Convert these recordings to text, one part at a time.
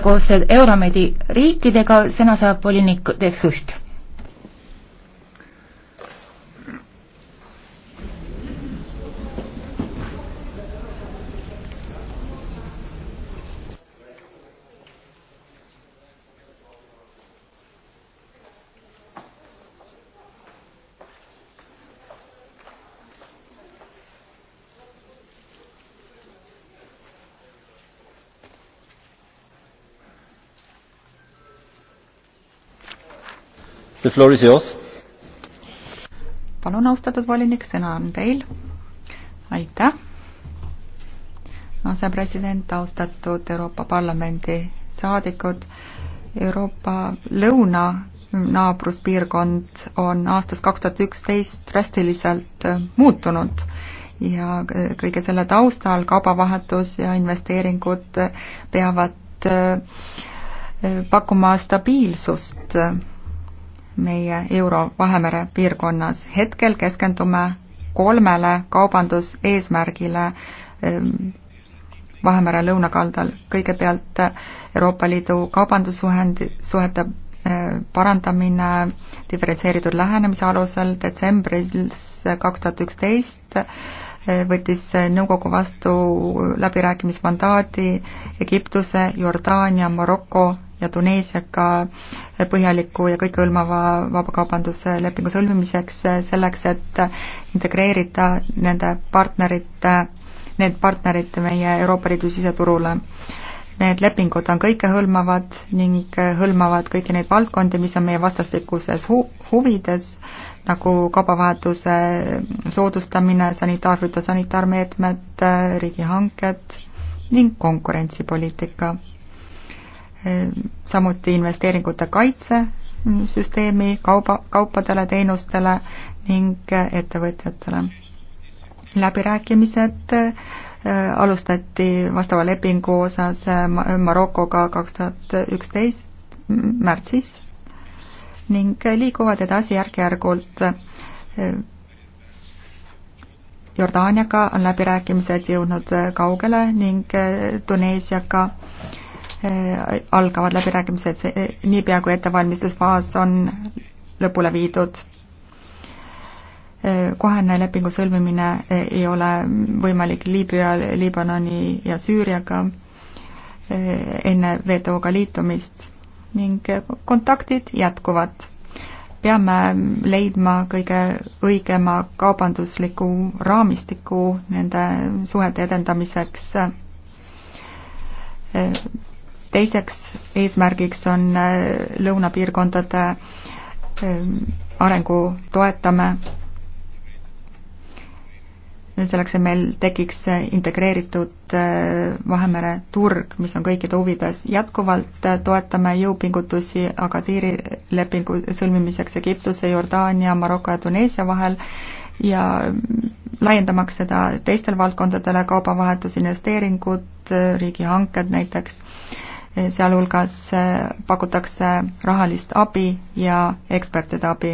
koos Euromedi riikidega, sõna saab volinik De Hüht. palun, austatud volinik, sõna on teil. aitäh. asepresident, austatud Euroopa Parlamendi saadikud, Euroopa lõuna naabruspiirkond on aastast kaks tuhat üksteist drastiliselt muutunud ja kõige selle taustal kaubavahetus ja investeeringud peavad pakkuma stabiilsust meie Euro-Vahemere piirkonnas. hetkel keskendume kolmele kaubanduseesmärgile ehm, Vahemere lõunakaldal. kõigepealt Euroopa Liidu kaubandussuhendi, suhete ehm, parandamine diferentseeritud lähenemise alusel detsembris kaks tuhat üksteist ehm, võttis nõukogu vastu läbirääkimismandaadi Egiptuse, Jordaania, Maroko ja Tuneesiaga põhjaliku ja kõikehõlmava vabakaubanduslepingu sõlmimiseks, eh, selleks et integreerida nende partnerite, need partnerid meie Euroopa Liidu siseturule. Need lepingud on kõikehõlmavad ning hõlmavad kõiki neid valdkondi, mis on meie vastastikuses hu huvides, nagu kaubavahetuse soodustamine, sanitaarkütte sanitaarmeetmed, riigihanked ning konkurentsipoliitika Ehm, samuti investeeringute kaitsesüsteemi mm, kauba, kaupadele, teenustele ning äh, ettevõtjatele. läbirääkimised äh, alustati vastava lepingu osas äh, Marokoga kaks tuhat üksteist märtsis ning liiguvad edasi järk-järgult. Jordaaniaga on läbirääkimised jõudnud kaugele ning Tuneesiaga äh, Äh, algavad läbirääkimised äh, niipea, kui ettevalmistusfaas on lõpule viidud. Äh, kohene lepingu sõlmimine ei ole võimalik Liibüa, Liibanoni ja Süüriaga enne WTO-ga liitumist ning kontaktid jätkuvad. peame leidma kõige õigema kaubandusliku raamistiku nende suhete edendamiseks teiseks eesmärgiks on äh, lõunapiirkondade ähm, arengu toetame. selleks, et meil tekiks äh, integreeritud äh, Vahemere turg, mis on kõikide huvides. jätkuvalt toetame jõupingutusi Agadiri lepingu sõlmimiseks Egiptuse, Jordaania, Maroko ja Tuneesia vahel ja mm, laiendamaks seda teistel valdkondadele, kaubavahetus, investeeringud, riigihanked näiteks Eh, sealhulgas eh, pakutakse rahalist abi ja ekspertide abi.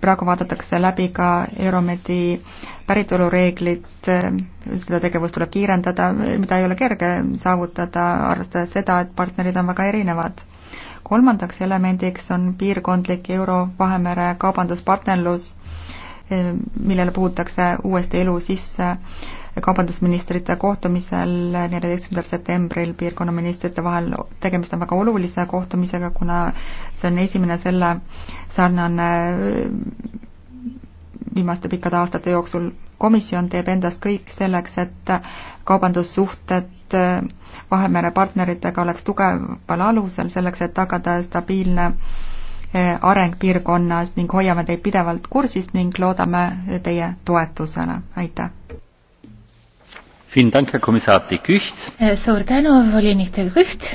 praegu vaadatakse läbi ka Euromedi päritolureeglid, eh, seda tegevust tuleb kiirendada, mida ei ole kerge saavutada, arvestades seda, et partnerid on väga erinevad. kolmandaks elemendiks on piirkondlik Euro-Vahemere kaubanduspartnerlus, millele puhutakse uuesti elu sisse kaubandusministrite kohtumisel neljateistkümnendal septembril piirkonna ministrite vahel. tegemist on väga olulise kohtumisega, kuna see on esimene selle sarnane äh, viimaste pikkade aastate jooksul. komisjon teeb endast kõik selleks, et kaubandussuhted äh, Vahemere partneritega oleks tugeval alusel, selleks et tagada stabiilne areng piirkonnas ning hoiame teid pidevalt kursis ning loodame teie toetusele, aitäh! Äh, suur tänu, volinik De Gucht!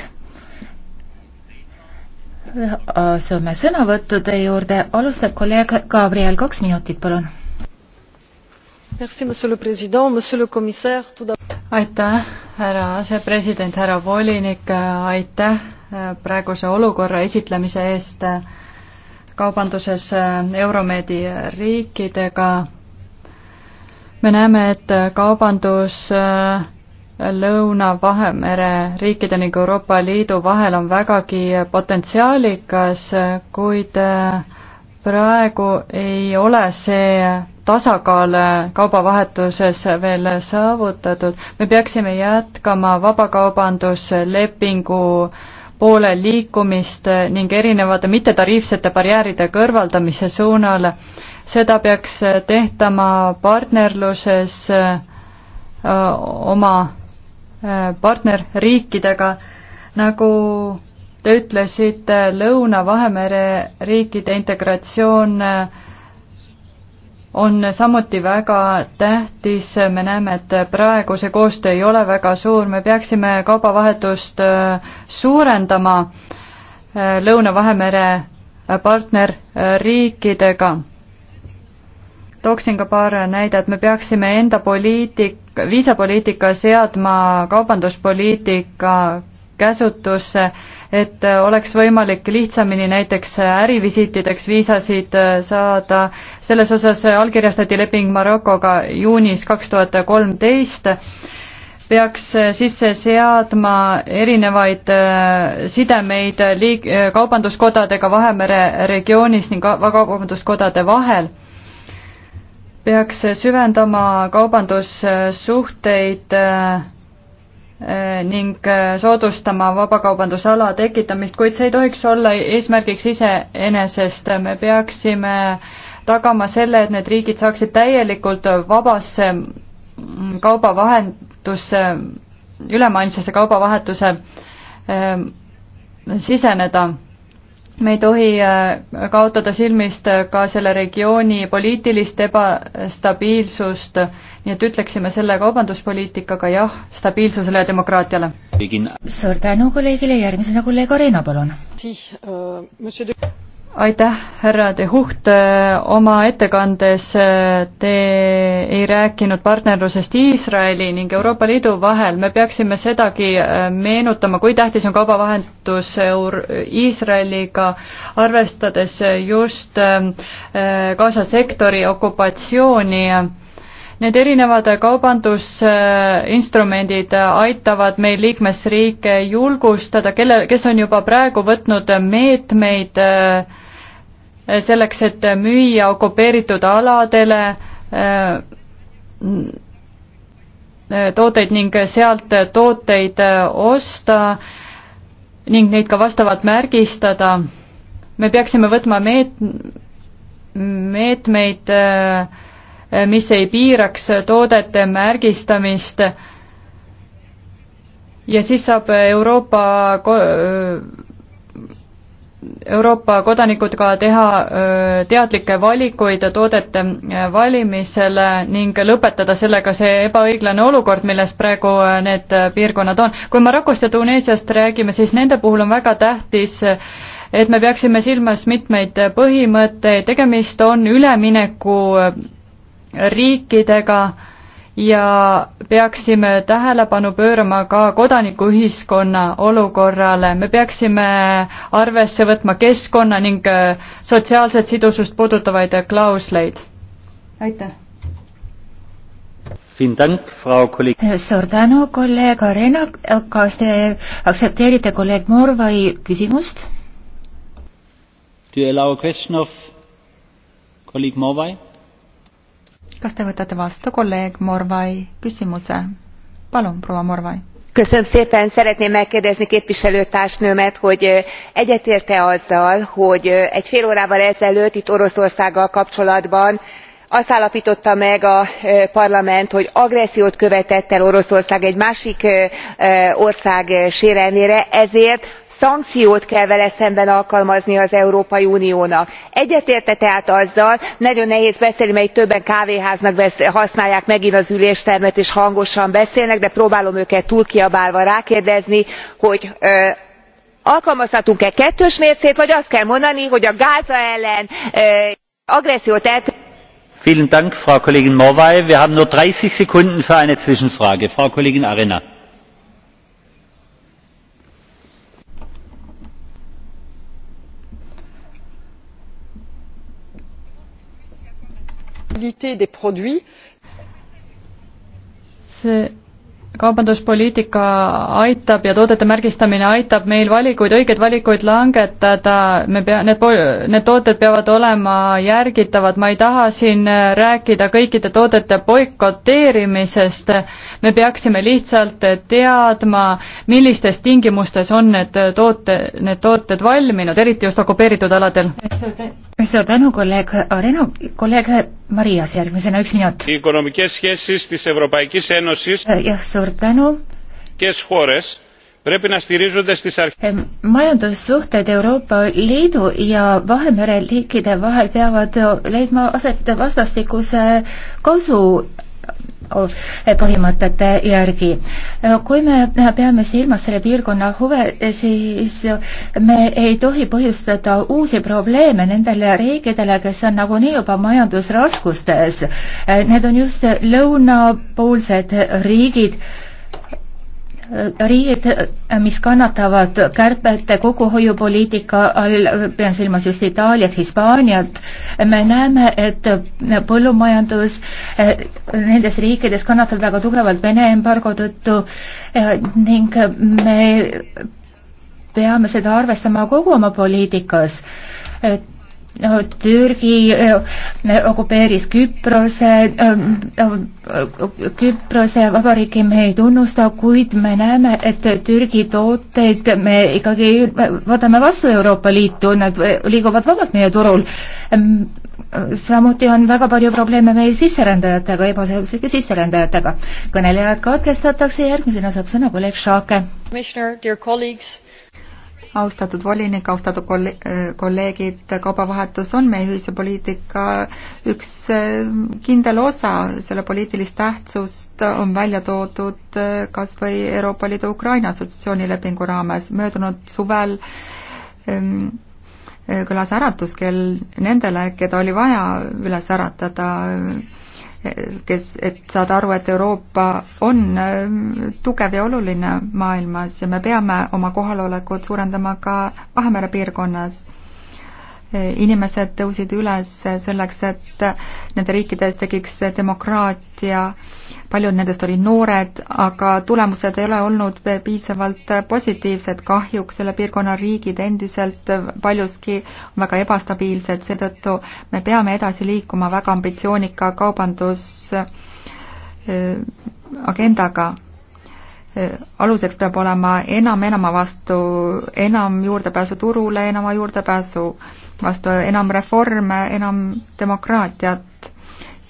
Äh, asume sõnavõttude juurde, alustab kolleeg Gabriel, kaks minutit, palun. aitäh, härra asepresident, härra volinik, aitäh äh, praeguse olukorra esitlemise eest äh, kaubanduses äh, Euromeedi riikidega. me näeme, et kaubandus äh, Lõuna-Vahemere riikide ning Euroopa Liidu vahel on vägagi potentsiaalikas, kuid äh, praegu ei ole see tasakaal kaubavahetuses veel saavutatud. me peaksime jätkama vabakaubanduslepingu äh, poole liikumist ning erinevate mittetariifsete barjääride kõrvaldamise suunal. seda peaks tehtama partnerluses äh, oma äh, partnerriikidega, nagu te ütlesite, Lõuna-Vahemere riikide integratsioon äh, on samuti väga tähtis, me näeme, et praegu see koostöö ei ole väga suur, me peaksime kaubavahetust äh, suurendama äh, Lõuna-Vahemere äh, partnerriikidega. tooksin ka paar näidet, me peaksime enda poliitik, viisapoliitika seadma kaubanduspoliitika käsutusse et äh, oleks võimalik lihtsamini näiteks äh, ärivisiitideks viisasid äh, saada. selles osas allkirjastati leping Marokoga juunis kaks tuhat kolmteist peaks sisse seadma erinevaid sidemeid liik-, kaubanduskodadega Vahemere regioonis ning kaubanduskodade vahel. peaks süvendama kaubandussuhteid äh, Äh, ning äh, soodustama vabakaubandusala tekitamist, kuid see ei tohiks olla eesmärgiks iseenesest, me peaksime tagama selle, et need riigid saaksid täielikult vabasse mm, kaubavahendusse, ülemaailmsesse kaubavahetuse äh, siseneda me ei tohi äh, kaotada silmist äh, ka selle regiooni poliitilist ebastabiilsust, nii et ütleksime selle kaubanduspoliitikaga jah stabiilsusele ja demokraatiale. suur tänu kolleegile, järgmisena kolleeg Arena, palun. Äh, aitäh, härra De Hucht, oma ettekandes äh, te ei rääkinud partnerlusest Iisraeli ning Euroopa Liidu vahel, me peaksime sedagi äh, meenutama, kui tähtis on kaubavahendus Eur-, Iisraeliga, arvestades just äh, Gaza sektori okupatsiooni Need erinevad kaubandusinstrumendid aitavad meil liikmesriike julgustada, kelle, kes on juba praegu võtnud meetmeid eh, selleks, et müüa okupeeritud aladele eh, tooteid ning sealt tooteid eh, osta ning neid ka vastavalt märgistada. me peaksime võtma meet-, meetmeid äh, mis ei piiraks toodete märgistamist ja siis saab Euroopa Euroopa kodanikud ka teha teadlikke valikuid toodete valimisel ning lõpetada sellega see ebaõiglane olukord, milles praegu need piirkonnad on. kui Marokost ja Tuneesiast räägime, siis nende puhul on väga tähtis et me peaksime silmas mitmeid põhimõtteid, tegemist on ülemineku riikidega ja peaksime tähelepanu pöörama ka kodanikuühiskonna olukorrale, me peaksime arvesse võtma keskkonna ning äh, sotsiaalset sidusust puudutavaid klausleid. aitäh! suur tänu, kolleeg Arena, kas te aktsepteerite kolleeg Morvai küsimust? Do you allow a question of colleague Morvai? kas te võtate vastu kolleeg Morvai küsimuse? palun, proua Morvai. köszönöm szépen, szeretném megkérdezni képviselőtársnőmet, hogy egyetérte azzal, hogy egy fél órával ezelőtt itt Oroszországgal kapcsolatban azt állaptotta meg a parlament hogy agressziót követett el oroszország egy másik ország sérelmére ezért szankciót kell vele szemben alkalmaznia az európai uniónak. egyetért e tehát azzal nagyon nehéz beszélni mert itt többen kávéháznak használják megint az üléstermet és hangosan beszélnek de próbálom őket túlkiabálva rákérdezni hogy alkalmazhatunk e kettős mércét vagy azt kell mondani hogy a gáza ellen agressziót elkövető vielen dank frau kollegin morvai! wir haben nur dreißig sekunden für eine zwischenfrage. frau kollegin arena! traçabilité des produits. see kaubanduspoliitika aitab ja toodete märgistamine aitab meil valikuid, õigeid valikuid langetada, me pea-, need po-, need tooted peavad olema järgitavad, ma ei taha siin rääkida kõikide toodete boikoteerimisest, me peaksime lihtsalt teadma, millistes tingimustes on need toote, need tooted valminud, eriti just okupeeritud aladel suur tänu, kolleeg Areno, kolleeg Marias, järgmisena üks minut. jah, suur tänu. majandussuhted Euroopa Liidu ja Vahemere riikide vahel peavad leidma aset vastastikuse kasu põhimõtete järgi. kui me peame silmas selle piirkonna huve, siis me ei tohi põhjustada uusi probleeme nendele riikidele, kes on nagunii juba majandusraskustes. Need on just lõunapoolsed riigid riigid, mis kannatavad kärbete kokkuhoiupoliitika all, pean silmas just Itaaliat, Hispaaniat, me näeme, et põllumajandus eh, nendes riikides kannatab väga tugevalt Vene embargo tõttu eh, ning me peame seda arvestama kogu oma poliitikas. Türgi okupeeris Küprose, Küprose vabariiki me ei tunnusta, kuid me näeme, et Türgi tooteid me ikkagi võtame vastu Euroopa Liitu, nad liiguvad vabalt meie turul. samuti on väga palju probleeme meie sisserändajatega, ebaseaduslike sisserändajatega. kõnelejad katkestatakse, järgmisena saab sõna kolleeg Šaake. Commissioner, dear colleagues austatud volinik, austatud kolle-, kolleegid, kaubavahetus on meie ühise poliitika üks eh, kindel osa, selle poliitilist tähtsust on välja toodud eh, kas või Euroopa Liidu Ukraina assotsiatsioonilepingu raames möödunud suvel ehm, eh, kõlas äratuskell nendele, keda oli vaja üles äratada kes, et saada aru, et Euroopa on äh, tugev ja oluline maailmas ja me peame oma kohalolekut suurendama ka Vahemere piirkonnas inimesed tõusid üles selleks, et nende riikides tekiks demokraatia, paljud nendest olid noored, aga tulemused ei ole olnud piisavalt positiivsed, kahjuks selle piirkonna riigid endiselt paljuski on väga ebastabiilsed, seetõttu me peame edasi liikuma väga ambitsioonika kaubandus äh, agendaga aluseks peab olema enam enama vastu, enam juurdepääsu turule, enama juurdepääsu vastu, enam reforme, enam demokraatiat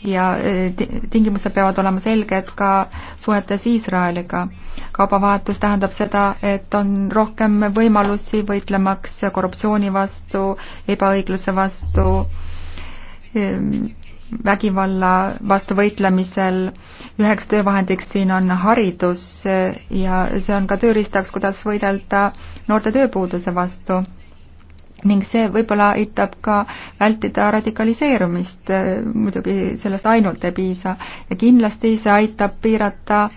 ja eh, tingimused peavad olema selged ka suhetes Iisraeliga. kaubavahetus tähendab seda, et on rohkem võimalusi võitlemaks korruptsiooni vastu, ebaõigluse vastu ehm, vägivalla vastu võitlemisel üheks töövahendiks siin on haridus ja see on ka tööriistaks, kuidas võidelda noorte tööpuuduse vastu. ning see võib-olla aitab ka vältida radikaliseerumist, muidugi sellest ainult ei piisa ja kindlasti see aitab piirata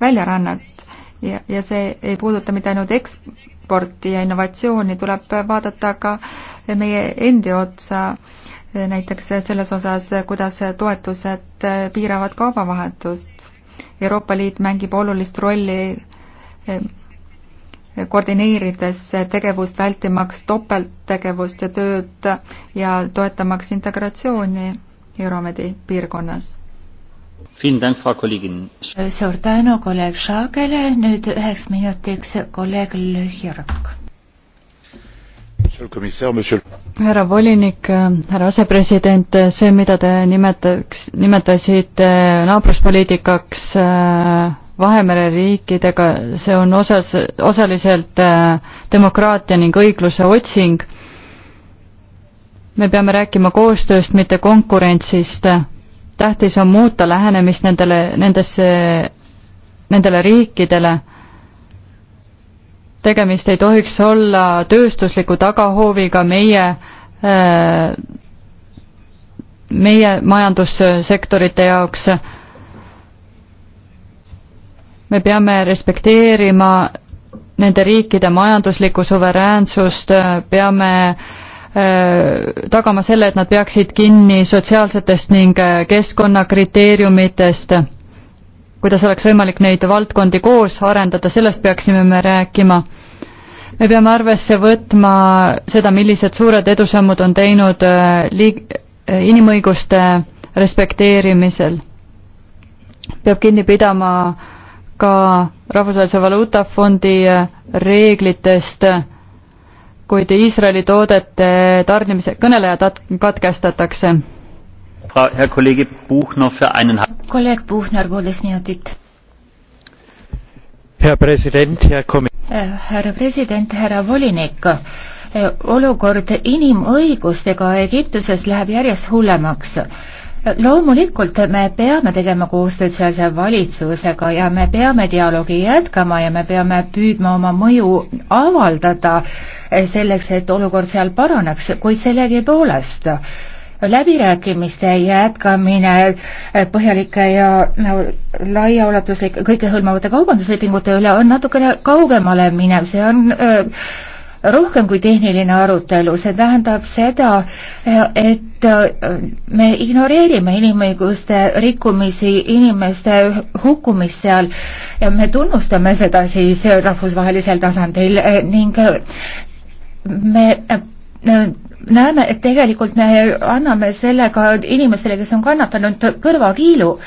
väljarännet ja, ja see ei puuduta mitte ainult eksporti ja innovatsiooni, tuleb vaadata ka meie endi otsa äh, näiteks selles osas, kuidas toetused piiravad kaubavahetust. Euroopa Liit mängib olulist rolli eh, koordineerides tegevust, vältimaks topelttegevust ja tööd ja toetamaks integratsiooni Euromedi piirkonnas. suur tänu kolleeg Šagele, nüüd üheks minutiks kolleeg Lühirk härra volinik, härra asepresident, see, mida te nimetaks, nimetasite naabruspoliitikaks äh, Vahemere riikidega, see on osas, osaliselt äh, demokraatia ning õigluse otsing. me peame rääkima koostööst, mitte konkurentsist. tähtis on muuta lähenemist nendele, nendesse, nendele riikidele tegemist ei tohiks olla tööstusliku tagahooviga meie äh, meie majandussektorite jaoks. me peame respekteerima nende riikide majanduslikku suveräänsust, peame äh, tagama selle, et nad peaksid kinni sotsiaalsetest ning äh, keskkonnakriteeriumitest kuidas oleks võimalik neid valdkondi koos arendada, sellest peaksime me rääkima. me peame arvesse võtma seda, millised suured edusammud on teinud äh, liig-, äh, inimõiguste respekteerimisel. peab kinni pidama ka Rahvusvahelise Valuutafondi äh, reeglitest, kuid Iisraeli toodete tarnimise, kõnelejad katkestatakse kolleeg Puhner, poolteist minutit. härra president, äh, härra president, härra volinik äh, olukord inimõigustega Egiptuses läheb järjest hullemaks. Äh, loomulikult me peame tegema koostööd sealse valitsusega ja me peame dialoogi jätkama ja me peame püüdma oma mõju avaldada selleks, et olukord seal paraneks, kuid sellegipoolest läbirääkimiste jätkamine põhjalike ja no, laiaulatuslike, kõikehõlmavate kaubanduslepingute üle on natukene kaugemale minev, see on öö, rohkem kui tehniline arutelu, see tähendab seda, et me ignoreerime inimõiguste rikkumisi, inimeste hukkumist seal ja me tunnustame seda siis rahvusvahelisel tasandil ning me näeme, et tegelikult me anname sellega inimestele, kes on kannatanud, kõrvakiilu.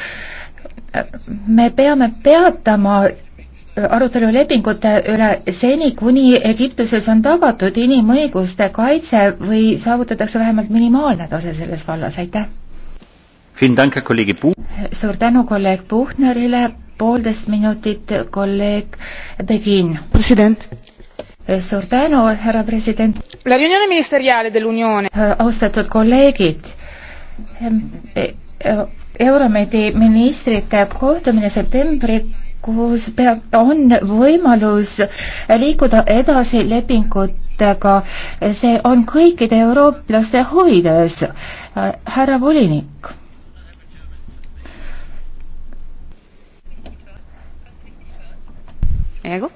me peame peatama arutelu lepingute üle seni, kuni Egiptuses on tagatud inimõiguste kaitse või saavutatakse vähemalt minimaalne tase selles vallas, aitäh! suur tänu kolleeg Puhnerile, poolteist minutit kolleeg Begin. president suur tänu, härra president. Äh, austatud kolleegid e, e, Euromedi ministrite kohtumine septembrikuus peab, on võimalus liikuda edasi lepingutega. see on kõikide eurooplaste huvides. Äh, härra volinik. Ego?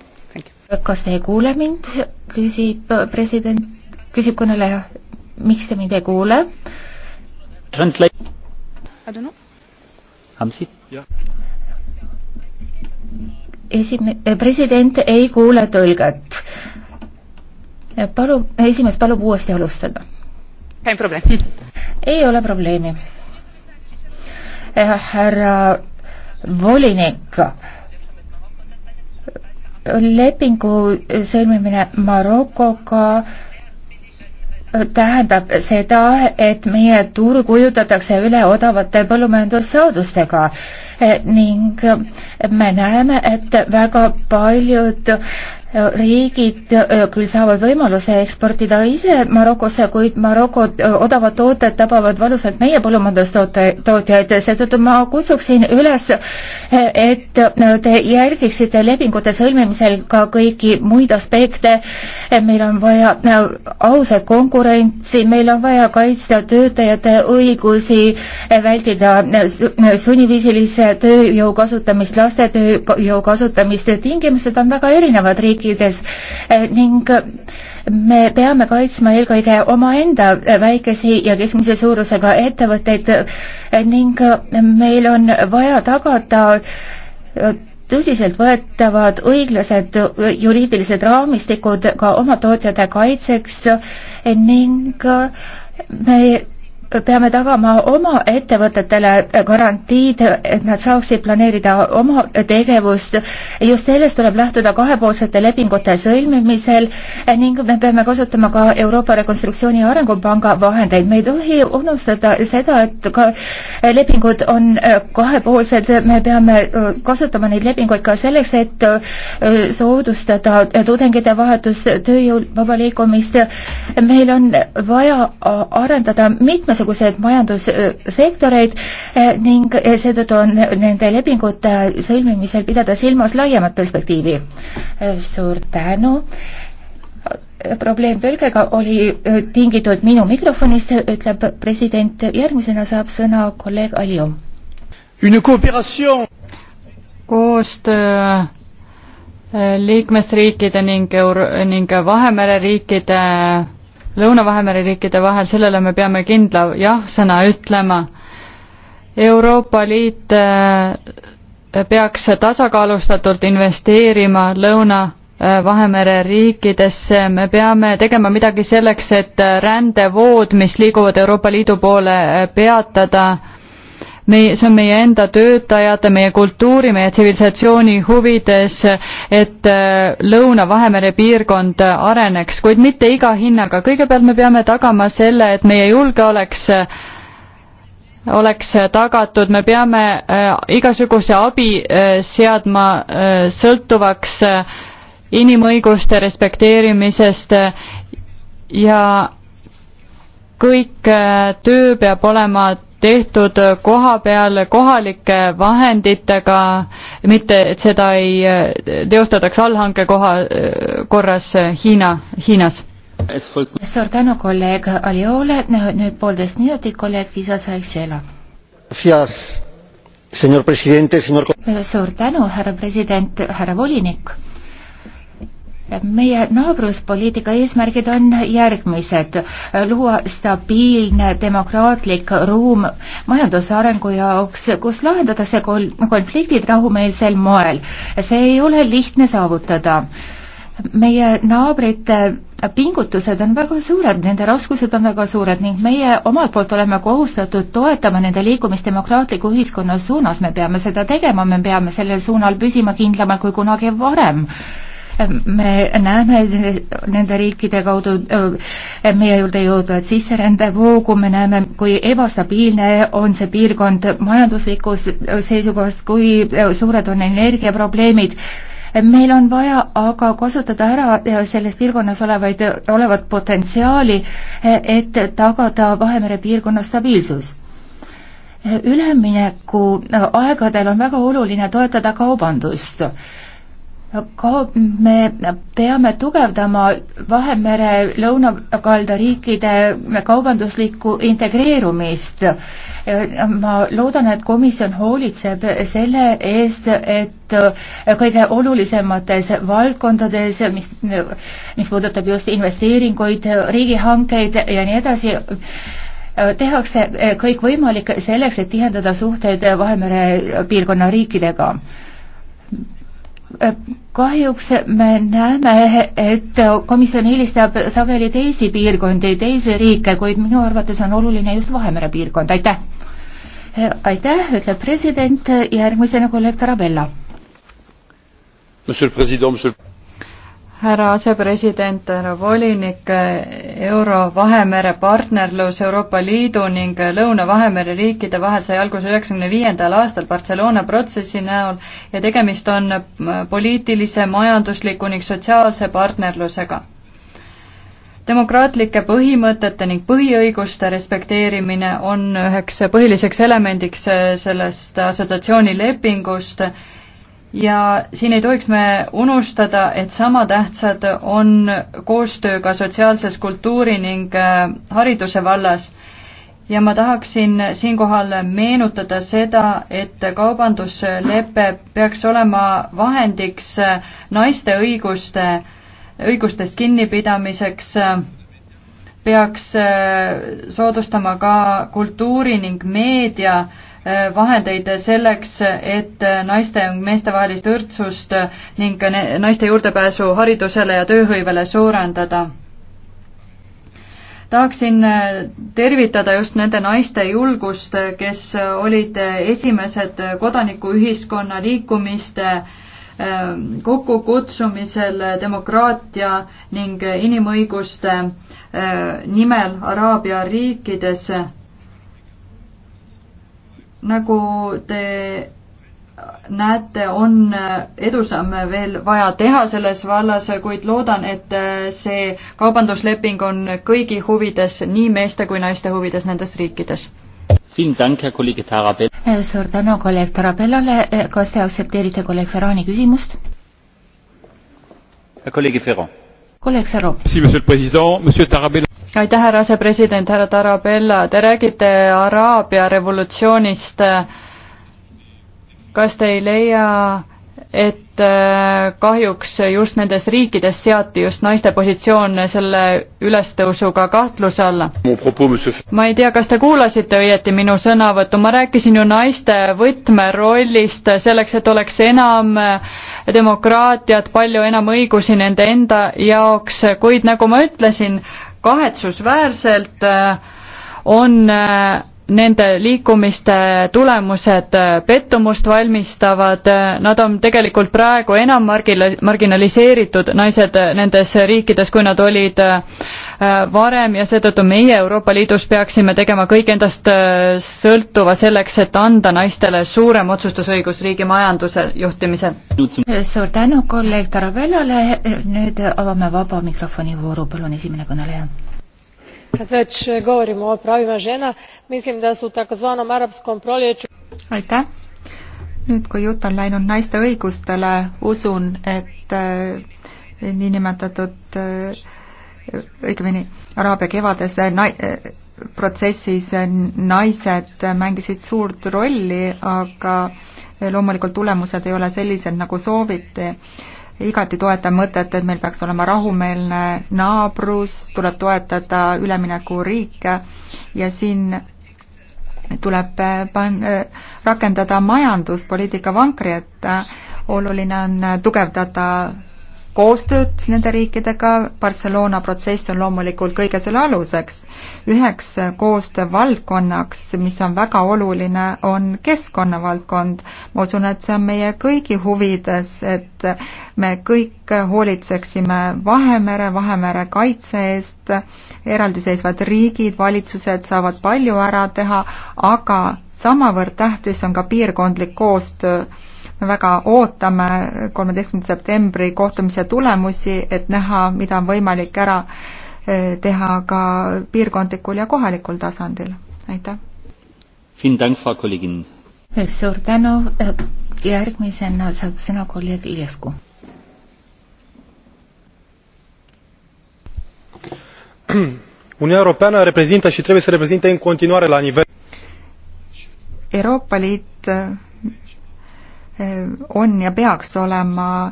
kas te ei kuule mind, küsib president, küsib kõneleja, miks te mind ei kuule? esime-, president ei kuule tõlget. palub, esimees palub uuesti alustada. ei ole probleemi. härra volinik lepingu sõlmimine Marokoga tähendab seda, et meie turg ujutatakse üle odavate põllumajandussaadustega ning me näeme, et väga paljud riigid eh, küll saavad võimaluse eksportida ise Marokosse, kuid Maroko odavad tooted tabavad valusalt meie põllumajandustootjaid, seetõttu ma kutsuksin üles, eh, et te jälgiksite lepingute sõlmimisel ka kõiki muid aspekte, eh, meil on vaja ausat konkurentsi, meil on vaja kaitsta töötajate õigusi, vältida sunniviisilise tööjõu kasutamist, laste tööjõu kasutamist, tingimused on väga erinevad riikides eh, ning me peame kaitsma eelkõige omaenda eh, väikesi ja keskmise suurusega ettevõtteid eh, ning meil on vaja tagada tõsiseltvõetavad õiglased juriidilised raamistikud ka oma tootjate kaitseks ning me peame tagama oma ettevõtetele garantiid, et nad saaksid planeerida oma tegevust. just sellest tuleb lähtuda kahepoolsete lepingute sõlmimisel ning me peame kasutama ka Euroopa Rekonstruktsiooni ja Arengupanga vahendeid. me ei tohi unustada seda, et ka lepingud on kahepoolsed, me peame kasutama neid lepinguid ka selleks, et soodustada tudengite vahetust, tööjõu vaba liikumist. meil on vaja arendada mitmes igasuguseid majandussektoreid eh, ning eh, seetõttu on nende lepingute sõlmimisel pidada silmas laiemat perspektiivi. Eh, suur tänu probleem tõlgega oli tingitud minu mikrofonist, ütleb president, järgmisena saab sõna kolleeg Aljo. koostöö liikmesriikide ning euro-, ning Vahemere riikide Lõuna-Vahemere riikide vahel, sellele me peame kindla jah-sõna ütlema. Euroopa Liit äh, peaks tasakaalustatult investeerima Lõuna-Vahemere äh, riikidesse, me peame tegema midagi selleks, et äh, rändevood, mis liiguvad Euroopa Liidu poole, peatada meie, see on meie enda töötajate, meie kultuuri, meie tsivilisatsiooni huvides, et äh, Lõuna-Vahemere piirkond äh, areneks, kuid mitte iga hinnaga. kõigepealt me peame tagama selle, et meie julgeolek äh, oleks tagatud, me peame igasuguse abi seadma sõltuvaks inimõiguste respekteerimisest ja kõik töö peab olema tehtud koha peal kohalike vahenditega, mitte et seda ei teostataks allhanke koha, korras Hiina, Hiinas. suur tänu, kolleeg Aliole, nüüd poolteist minutit, kolleeg Liisa Saik-Sela. suur tänu, härra president, härra volinik meie naabruspoliitika eesmärgid on järgmised. luua stabiilne demokraatlik ruum majandusarengu jaoks, kus lahendatakse konfliktid rahumeelsel moel. see ei ole lihtne saavutada. meie naabrite pingutused on väga suured, nende raskused on väga suured ning meie omalt poolt oleme kohustatud toetama nende liikumist demokraatliku ühiskonna suunas, me peame seda tegema, me peame sellel suunal püsima kindlamalt kui kunagi varem me näeme nende riikide kaudu äh, meie juurde jõudvat sisserändevoogu, me näeme, kui ebastabiilne on see piirkond majanduslikust äh, seisukohast, kui äh, suured on energiaprobleemid meil on vaja aga kasutada ära selles piirkonnas olevaid, olevat potentsiaali, et tagada Vahemere piirkonna stabiilsus. ülemineku aegadel on väga oluline toetada kaubandust ka me peame tugevdama Vahemere lõunakalda riikide kaubanduslikku integreerumist. ma loodan, et komisjon hoolitseb selle eest, et kõige olulisemates valdkondades, mis, mis puudutab just investeeringuid, riigihankeid ja nii edasi, tehakse kõik võimalik selleks, et tihendada suhteid Vahemere piirkonna riikidega Äh, kahjuks me näeme, et komisjon eelistab sageli teisi piirkondi, teisi riike, kuid minu arvates on oluline just Vahemere piirkond, aitäh! Äh, aitäh, ütleb president, järgmisena kolleeg Tarabella. Monsieur le Président, Monsieur le härra asepresident, härra volinik, Euro-Vahemere partnerlus Euroopa Liidu ning Lõuna-Vahemere riikide vahel sai alguse üheksakümne viiendal aastal Barcelona protsessi näol ja tegemist on poliitilise, majandusliku ning sotsiaalse partnerlusega demokraatlike põhimõtete ning põhiõiguste respekteerimine on üheks põhiliseks elemendiks sellest assotsiatsioonilepingust ja siin ei tohiks me unustada, et sama tähtsad on koostöö ka sotsiaalses kultuuri ning äh, hariduse vallas. ja ma tahaksin siinkohal meenutada seda, et kaubanduslepe peaks olema vahendiks äh, naiste õiguste, õigustest kinnipidamiseks, äh, peaks soodustama ka kultuuri ning meedia äh, Äh, vahendeid selleks, et naiste ja meeste vahelist võrdsust ning naiste juurdepääsu haridusele ja tööhõivele suurendada. tahaksin äh, tervitada just nende naiste julgust, kes olid esimesed kodanikuühiskonna liikumiste äh, kokkukutsumisel demokraatia ning inimõiguste nimel Araabia riikides nagu te näete, on edusamme veel vaja teha selles vallas, kuid loodan, et see kaubandusleping on kõigi huvides, nii meeste kui naiste huvides nendes riikides. Eh, suur tänu kolleeg Tarabellale, eh, kas te aktsepteerite kolleeg Ferrani küsimust? kolleeg Ferro kolleeg Sõrov. aitäh, härra asepresident, härra Tarabella, te räägite Araabia revolutsioonist. kas te ei leia et äh, kahjuks just nendes riikides seati just naiste positsioon selle ülestõusuga kahtluse alla. ma ei tea, kas te kuulasite õieti minu sõnavõttu, ma rääkisin ju naiste võtmerollist selleks, et oleks enam äh, demokraatiat, palju enam õigusi nende enda jaoks, kuid nagu ma ütlesin, kahetsusväärselt äh, on nende liikumiste tulemused pettumust valmistavad, nad on tegelikult praegu enam margil-, marginaliseeritud naised nendes riikides, kui nad olid äh, varem ja seetõttu meie Euroopa Liidus peaksime tegema kõik endast äh, sõltuva selleks, et anda naistele suurem otsustusõigus riigi majanduse juhtimisel. suur tänu kolleeg Tarabellale, nüüd avame vaba mikrofoni vooru, palun esimene kõneleja kad ve govorimo o pravima ena mislim da su u takozvanom arapskom proljeu. nüüd kui jutt on läinud naiste õigustele usun et äh, niinimetatud äh, õigemini araabia kevades äh, nai, protsessis naised mängisid suurt rolli aga loomulikult tulemused ei ole sellised nagu sooviti igati toetan mõtet, et meil peaks olema rahumeelne naabrus, tuleb toetada üleminekuriike ja siin tuleb pan-, rakendada majanduspoliitika vankri, et oluline on tugevdada koostööd nende riikidega, Barcelona protsess on loomulikult kõige selle aluseks. üheks koostöövaldkonnaks, mis on väga oluline, on keskkonnavaldkond. ma usun, et see on meie kõigi huvides, et me kõik hoolitseksime Vahemere, Vahemere kaitse eest, eraldiseisvad riigid, valitsused saavad palju ära teha, aga samavõrd tähtis on ka piirkondlik koostöö me väga ootame kolmeteistkümnenda septembri kohtumise tulemusi, et näha, mida on võimalik ära e, teha ka piirkondlikul ja kohalikul tasandil. aitäh! suur tänu, e, järgmisena saab sõna kolleeg Iljesku. Uniunea Europeană reprezintă și trebuie să reprezinte în continuare la nivel Euroopa Liit on ja peaks olema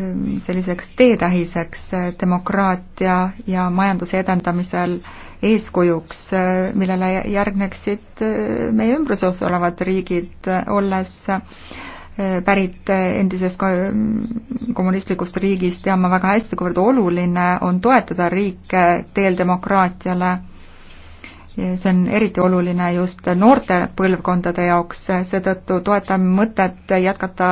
ähm, selliseks teetähiseks äh, demokraatia ja majanduse edendamisel eeskujuks, äh, millele järgneksid äh, meie ümbruses olevad riigid, olles pärit endisest kommunistlikust riigist, tean ma väga hästi, kuivõrd oluline on toetada riike teel demokraatiale see on eriti oluline just noorte põlvkondade jaoks, seetõttu toetame mõtet jätkata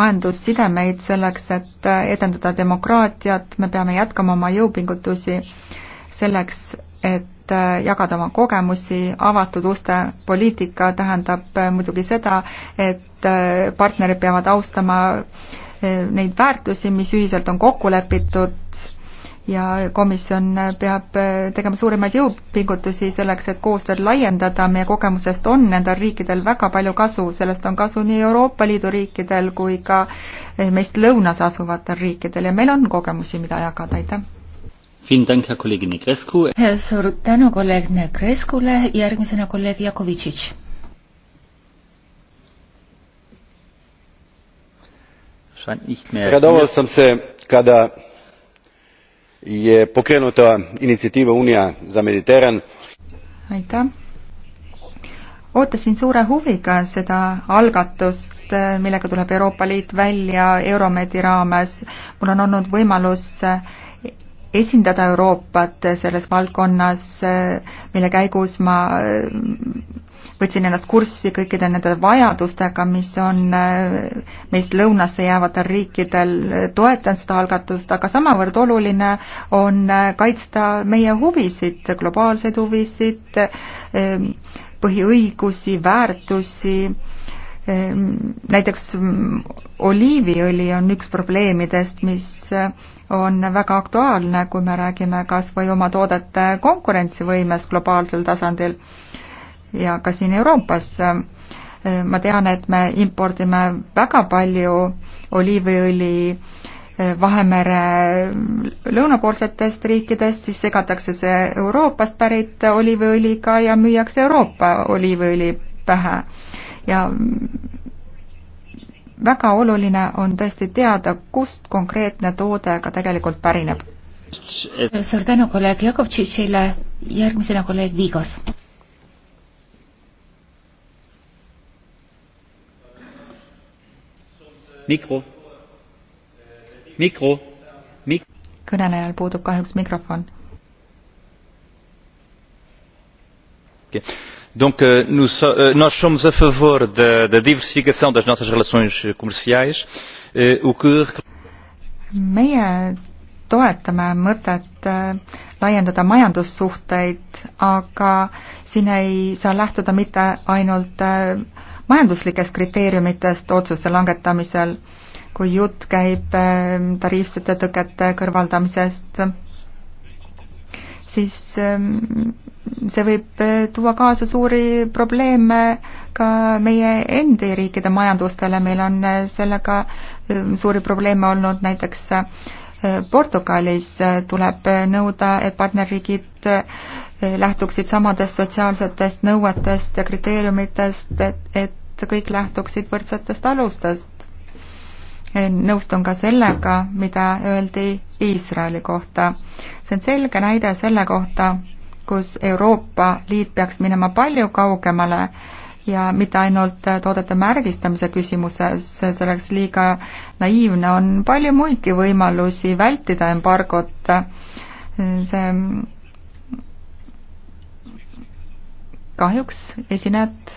majandussidemeid selleks, et edendada demokraatiat, me peame jätkama oma jõupingutusi selleks, et jagada oma kogemusi, avatud uste poliitika tähendab muidugi seda, et partnerid peavad austama neid väärtusi, mis ühiselt on kokku lepitud ja komisjon peab äh, tegema suurimaid jõupingutusi selleks, et koostööd laiendada, meie kogemusest on nendel riikidel väga palju kasu, sellest on kasu nii Euroopa Liidu riikidel kui ka äh, meist lõunas asuvatel riikidel ja meil on kogemusi, mida jagada, aitäh! Äh, suur tänu kolleeg Negreskule, järgmisena kolleeg Jakovitšitš. radoval sam se kada je pokrenuta initsiatiiv unija za mediteran. aitäh! ootasin suure huviga seda algatust, millega tuleb Euroopa Liit välja Euromedi raames. mul on olnud võimalus esindada Euroopat selles valdkonnas, mille käigus ma võtsin ennast kurssi kõikide nende vajadustega, mis on äh, meist lõunasse jäävatel riikidel, toetan seda algatust, aga samavõrd oluline on äh, kaitsta meie huvisid, globaalseid huvisid, ähm, põhiõigusi, väärtusi ähm, näiteks mm, oliiviõli on üks probleemidest, mis äh, on väga aktuaalne, kui me räägime kas või oma toodete konkurentsivõimest globaalsel tasandil ja ka siin Euroopas. ma tean, et me impordime väga palju oliiviõli eh, Vahemere lõunapoolsetest riikidest, siis segatakse see Euroopast pärit oliiviõliga ja müüakse Euroopa oliiviõli pähe. ja väga oluline on tõesti teada, kust konkreetne toode ka tegelikult pärineb. suur tänu kolleeg Jakovtšitšile, järgmisena kolleeg Viigas mikro, mikro, mik-. kõnelejal puudub kahjuks mikrofon. Donc, euh, nous, euh, nós somos a favor da, da diversificação das nossas relações comerciais, eh, o que. meie toetame mõtet eh, laiendada majandussuhteid, aga siin ei saa lähtuda mitte ainult eh, majanduslikest kriteeriumitest otsuste langetamisel, kui jutt käib ähm, tariifsete tõkete kõrvaldamisest, siis ähm, see võib äh, tuua kaasa suuri probleeme ka meie endi riikide majandustele, meil on äh, sellega ähm, suuri probleeme olnud näiteks äh, Portugalis äh, tuleb nõuda, et partnerriigid äh, lähtuksid samadest sotsiaalsetest nõuetest ja kriteeriumitest, et, et kõik lähtuksid võrdsetest alustest. Äh, nõustun ka sellega, mida öeldi Iisraeli kohta. see on selge näide selle kohta, kus Euroopa Liit peaks minema palju kaugemale ja mitte ainult toodete märgistamise küsimuses, selleks liiga naiivne on palju muidki võimalusi vältida embargot. see kahjuks esinejat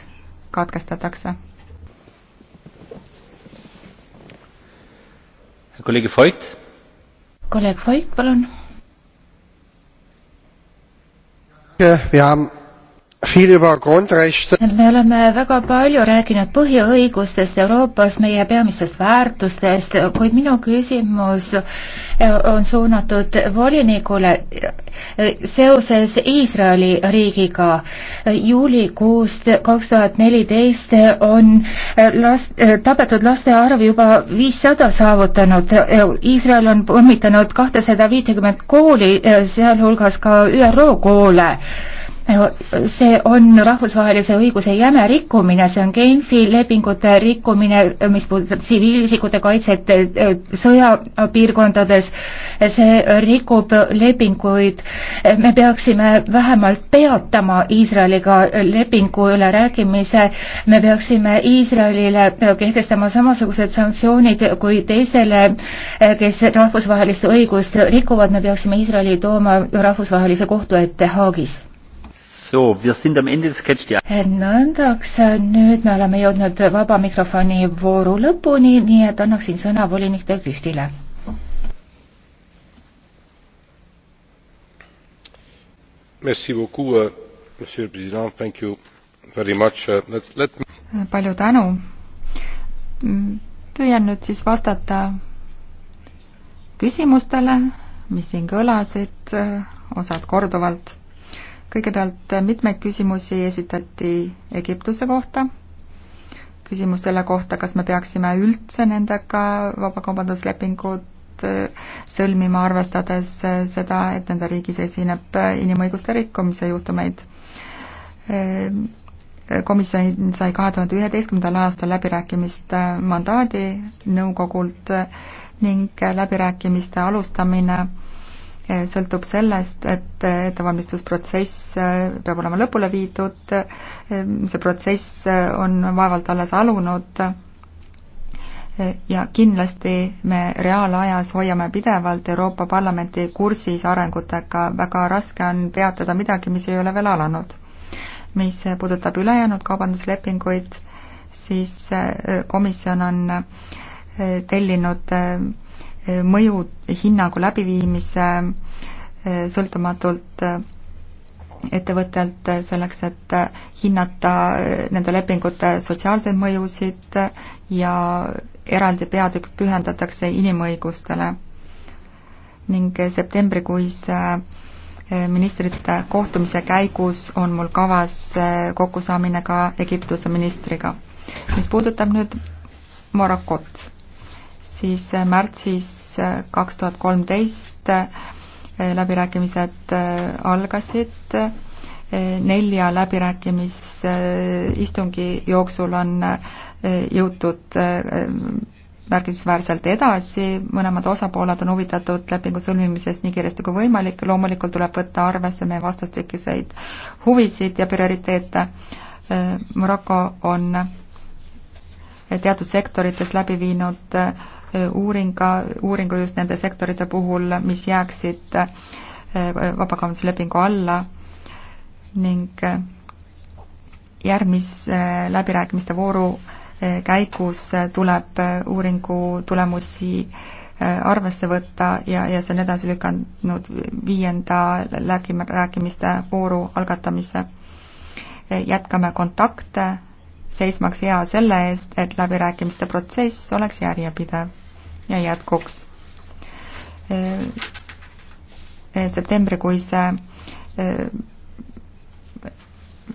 katkestatakse. kolleeg Voigt. kolleeg Voigt, palun. wir haben me oleme väga palju rääkinud põhiõigustest Euroopas, meie peamistest väärtustest, kuid minu küsimus eh, on suunatud volinikule eh, seoses Iisraeli riigiga. juulikuust kaks tuhat neliteist on eh, last, tapetud laste arv juba viissada saavutanud. Iisrael on pommitanud kahtesada viitekümmet kooli, sealhulgas ka ÜRO koole see on rahvusvahelise õiguse jäme rikkumine, see on Genfi lepingute rikkumine, mis puudutab tsiviilisikute kaitset eh, sõjapiirkondades, see rikub lepinguid, me peaksime vähemalt peatama Iisraeliga lepingu üle rääkimise, me peaksime Iisraelile kehtestama samasugused sanktsioonid kui teisele, eh, kes rahvusvahelist õigust rikuvad, me peaksime Iisraeli tooma rahvusvahelise kohtu ette Haagis nõndaks, nüüd me oleme jõudnud vaba mikrofoni vooru lõpuni, nii et annaksin sõna volinik De Kühtile. Euh, euh, palju tänu. püüan nüüd siis vastata küsimustele, mis siin kõlasid, osad korduvalt kõigepealt äh, mitmeid küsimusi esitati Egiptuse kohta, küsimus selle kohta, kas me peaksime üldse nendega vabakaubanduslepingut äh, sõlmima, arvestades äh, seda, et nende riigis esineb inimõiguste rikkumise juhtumeid. komisjon sai kahe tuhande üheteistkümnendal aastal läbirääkimiste mandaadi nõukogult ning läbirääkimiste alustamine sõltub sellest, et ettevalmistusprotsess äh, peab olema lõpule viidud, äh, see protsess äh, on vaevalt alles alunud ja kindlasti me reaalajas hoiame pidevalt Euroopa Parlamenti kursis arengutega, väga raske on peatada midagi, mis ei ole veel alanud. mis puudutab ülejäänud kaubanduslepinguid, siis komisjon on tellinud mõjuhinnangu läbiviimise e, sõltumatult e, ettevõttelt e, selleks, et hinnata nende lepingute sotsiaalseid mõjusid ja eraldi peatükk pühendatakse inimõigustele. ning septembrikuise ministrite kohtumise käigus on mul kavas kokkusaamine ka Egiptuse ministriga. mis puudutab nüüd Marokot siis märtsis äh, kaks tuhat kolmteist äh, läbirääkimised äh, algasid. nelja läbirääkimisistungi jooksul on jõutud märkimisväärselt edasi, mõlemad osapooled on huvitatud lepingu sõlmimisest nii kiiresti kui võimalik, loomulikult tuleb võtta arvesse meie vastastikuseid huvisid ja prioriteete. Maroko on teatud sektorites läbi viinud eh, uuringa, uuringu just nende sektorite puhul, mis jääksid eh, vabakaubanduslepingu alla ning eh, järgmise läbirääkimiste vooru käigus tuleb uuringu tulemusi arvesse võtta ja, ja see on edasi lükanud viienda läbirääkimiste vooru algatamise. jätkame kontakte seismaks hea selle eest, et läbirääkimiste protsess oleks järjepidev ja jätkuks. septembrikuise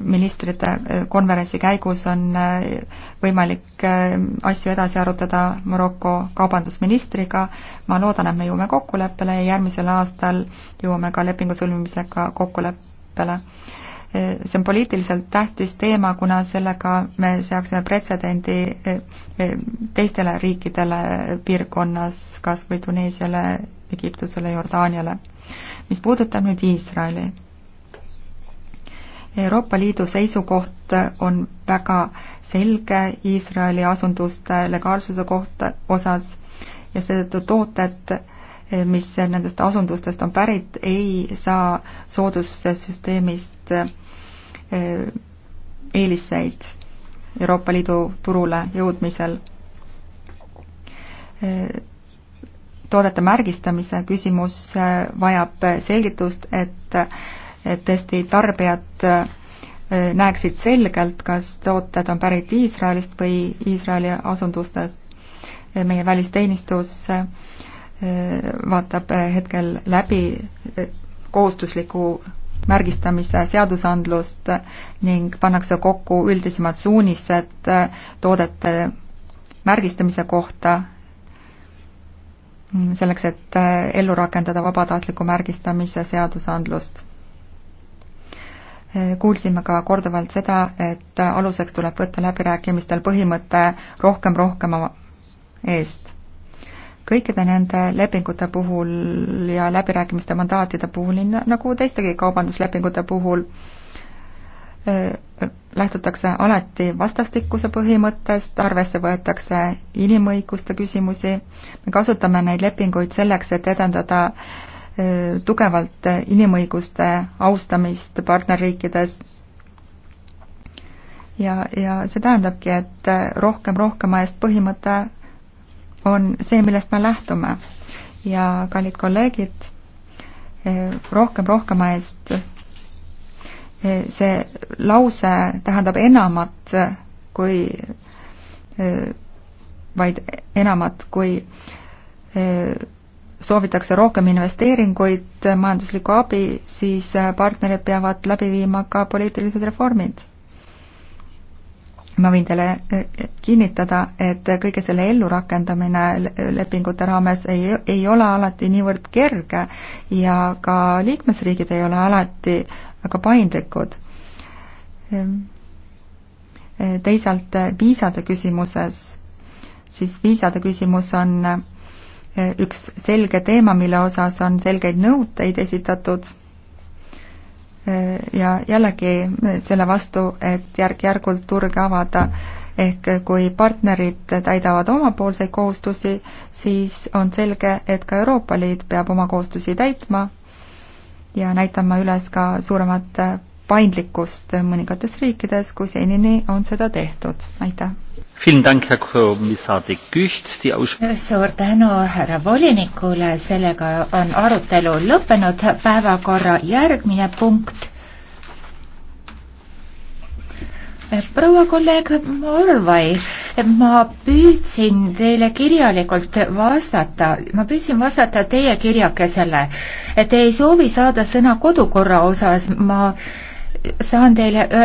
ministrite konverentsi käigus on võimalik asju edasi arutada Maroko kaubandusministriga. ma loodan, et me jõuame kokkuleppele ja järgmisel aastal jõuame ka lepingu sõlmimisega kokkuleppele see on poliitiliselt tähtis teema, kuna sellega me seaksime pretsedendi eh, eh, teistele riikidele piirkonnas, kas või Tuneesiale, Egiptusele, Jordaaniale. mis puudutab nüüd Iisraeli, Euroopa Liidu seisukoht on väga selge Iisraeli asunduste legaalsuse kohta, osas ja seetõttu tooted, eh, mis nendest asundustest on pärit, ei saa soodussüsteemist Eh, eeliseid Euroopa Liidu turule jõudmisel. Eh, toodete märgistamise küsimus eh, vajab selgitust, et, et tõesti tarbijad näeksid selgelt, kas tooted on pärit Iisraelist või Iisraeli asundustest. meie välisteenistus vaatab hetkel läbi kohustusliku märgistamise seadusandlust ning pannakse kokku üldisemad suunised toodete märgistamise kohta, selleks, et ellu rakendada vabatahtliku märgistamise seadusandlust. kuulsime ka korduvalt seda, et aluseks tuleb võtta läbirääkimistel põhimõte rohkem rohkema eest kõikide nende lepingute puhul ja läbirääkimiste mandaatide puhul, nagu teistegi kaubanduslepingute puhul, lähtutakse alati vastastikuse põhimõttest, arvesse võetakse inimõiguste küsimusi, me kasutame neid lepinguid selleks, et edendada tugevalt inimõiguste austamist partnerriikides. ja, ja see tähendabki, et rohkem rohkema eest põhimõte on see, millest me lähtume. ja kallid kolleegid, eh, rohkem rohkema eest, eh, see lause tähendab enamat eh, kui, vaid enamat kui soovitakse rohkem investeeringuid, majanduslikku abi, siis partnerid peavad läbi viima ka poliitilised reformid ma võin teile e, e, kinnitada, et kõige selle ellurakendamine lepingute raames ei, ei ole alati niivõrd kerge ja ka liikmesriigid ei ole alati väga paindlikud. Ehm, e, teisalt viisade küsimuses, siis viisade küsimus on üks selge teema, mille osas on selgeid nõuteid esitatud Äh, ja jällegi äh, selle vastu, et järk-järgult turge avada. ehk äh, kui partnerid täidavad omapoolseid kohustusi, siis on selge, et ka Euroopa Liit peab oma kohustusi täitma ja näitama üles ka suuremat paindlikkust mõningates riikides, kui senini on seda tehtud. aitäh! suur tänu härra volinikule, sellega on arutelu lõppenud, päevakorra järgmine punkt. proua kolleeg Morvai, ma püüdsin teile kirjalikult vastata, ma püüdsin vastata teie kirjakesele. Te ei soovi saada sõna kodukorra osas, ma saan teile öelda,